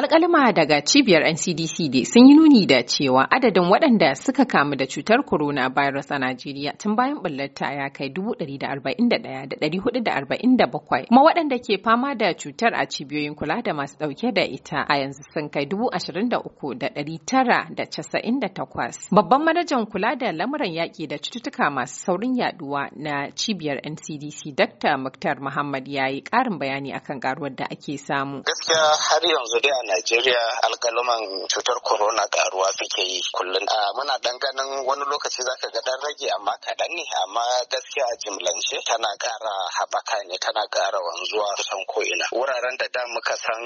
Alkalima daga cibiyar NCDC dai sun yi nuni da cewa adadin waɗanda suka kamu da cutar corona coronavirus a Najeriya tun bayan ɓullarta ya kai 141,447 kuma waɗanda ke fama da cutar a cibiyoyin kula da masu ɗauke da ita a yanzu sun kai 23,998. Babban manajan kula da lamuran yaƙi da cututtuka masu saurin yaɗuwa na cibiyar NCDC Dr. Muktar Muhammad ya yi ƙarin bayani akan ƙaruwar da ake samu. Gaskiya har yanzu dai Najeriya alkaluman cutar corona ƙaruwa suke yi kullum. Muna dan ganin wani lokaci zaka ga dan rage amma kaɗan ne amma gaskiya a jimlance tana ƙara haɓaka ne tana ƙara wanzuwa kusan ko'ina. Wuraren da da muka san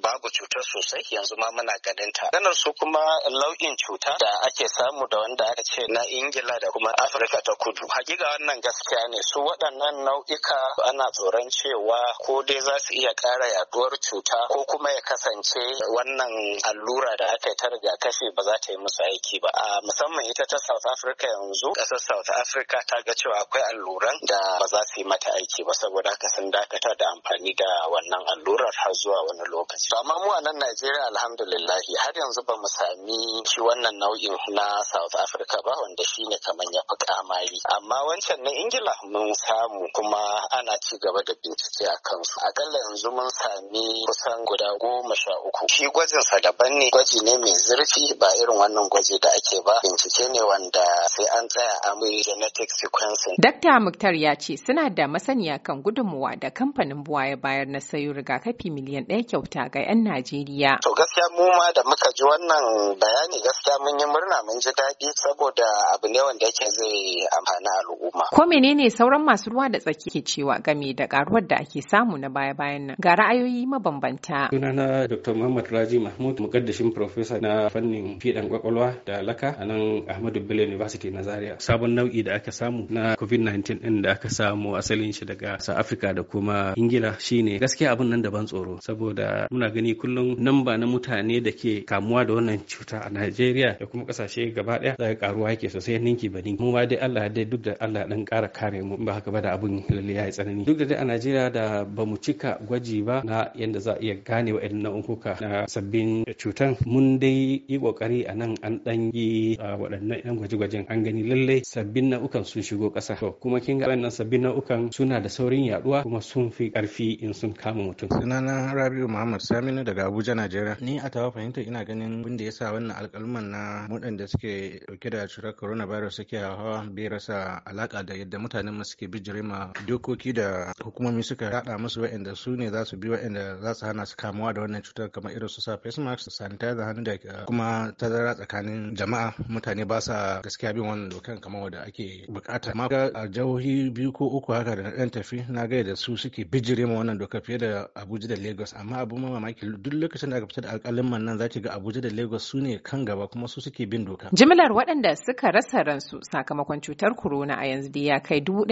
babu cutar sosai yanzu ma muna ganin ta. Ganar su kuma lau'in cuta da ake samu da wanda aka ce na Ingila da kuma Afirka ta kudu. Hakika wannan gaskiya ne su waɗannan nau'ika ana tsoron cewa ko dai za su iya ƙara yaduwar cuta ko kuma ya kasance wannan allura da aka yi ta rigakafi ba za ta yi musu aiki ba a musamman ita ta South Africa yanzu ƙasar South Africa ta ga cewa akwai alluran da ba za su yi mata aiki ba saboda haka sun dakata da amfani da wannan allurar har zuwa wani lokaci amma mu a nan Najeriya alhamdulillah har yanzu ba mu sami shi wannan nau'in na South Africa ba wanda shine kamar ya fi kamari amma wancan na Ingila mun samu kuma ana ci gaba da bincike a kansu akalla yanzu mun sami kusan guda goma sha uku shi sa daban ne gwaji ne mai zurfi ba irin wannan gwaji da ake ba bincike ne wanda sai an tsaya a mai genetic sequencing dakta muktar ya ce suna da masaniya kan gudunmuwa da kamfanin buwa ya bayar na sayo rigakafi miliyan ɗaya kyauta ga 'yan najeriya to gaskiya mu ma da muka ji wannan bayani gaskiya mun yi murna mun ji daɗi saboda abu ne wanda yake zai amfani al'umma ko menene sauran masu ruwa da tsaki ke cewa game da karuwar da ake samu na baya-bayan nan ga ra'ayoyi mabambanta sunana Dr. Muhammad Raji Mahmud mukaddashin professor na fannin fiɗan kwakwalwa da laka a nan Ahmadu Bello University na Zaria. Sabon nau'i da aka samu na COVID-19 din da aka samu asalin shi daga South Africa da kuma Ingila shine gaskiya abin nan da tsoro saboda muna gani kullum Nan ba na mutane da ke kamuwa da wannan cuta a Najeriya da kuma kasashe gaba ɗaya. za karuwa yake sosai ninki ba ninki. Mu ma dai Allah dai duk da Allah dan kara kare mu ba haka ba da abun lalle ya yi tsanani. Duk da dai a Najeriya da ba mu cika gwaji ba na yanda za a iya gane wa'annan nau'in ɗauka na sabbin cutan mun dai yi ƙoƙari a nan an ɗan yi waɗannan yan gwaje-gwajen an gani lallai sabbin nau'ukan sun shigo ƙasa to kuma kin ga wannan sabbin nau'ukan suna da saurin yaɗuwa kuma sun fi ƙarfi in sun kama mutum. sunana rabiu muhammad saminu daga abuja najeriya ni a tawa fahimta ina ganin abin da ya sa wannan alƙaluman na da suke ɗauke da cutar coronavirus suke hawa bai rasa alaƙa da yadda mutanen mu suke bijire ma dokoki da hukumomi suka haɗa musu waɗanda su ne za su bi waɗanda za su hana su kamuwa da wannan cutar kamar irin su sa face mask sanitizer hannu da eh, kuma tazara tsakanin jama'a mutane ba sa gaskiya bin wannan dokan kamar wanda ake bukata amma a jihohi biyu ko uku haka da ɗan tafi na gaya da su suke bijire ma wannan doka fiye da Abuja da Lagos amma abun mamaki duk lokacin da aka fitar da alƙalin man nan zaki ga Abuja da Lagos su ne kan gaba kuma su suke bin doka jimlar waɗanda suka rasa ransu sakamakon cutar corona a yanzu dai ya kai hudu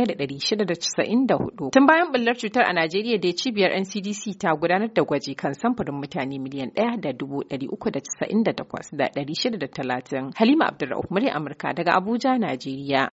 tun bayan bullar cutar a Najeriya da cibiyar NCDC ta gudanar da gwaji kan samfurin mutane mutane miliyan ɗaya da dubu ɗari uku da casa'in da takwas da ɗari shida da talatin. Halima Abdulrahman Amurka daga Abuja, Najeriya.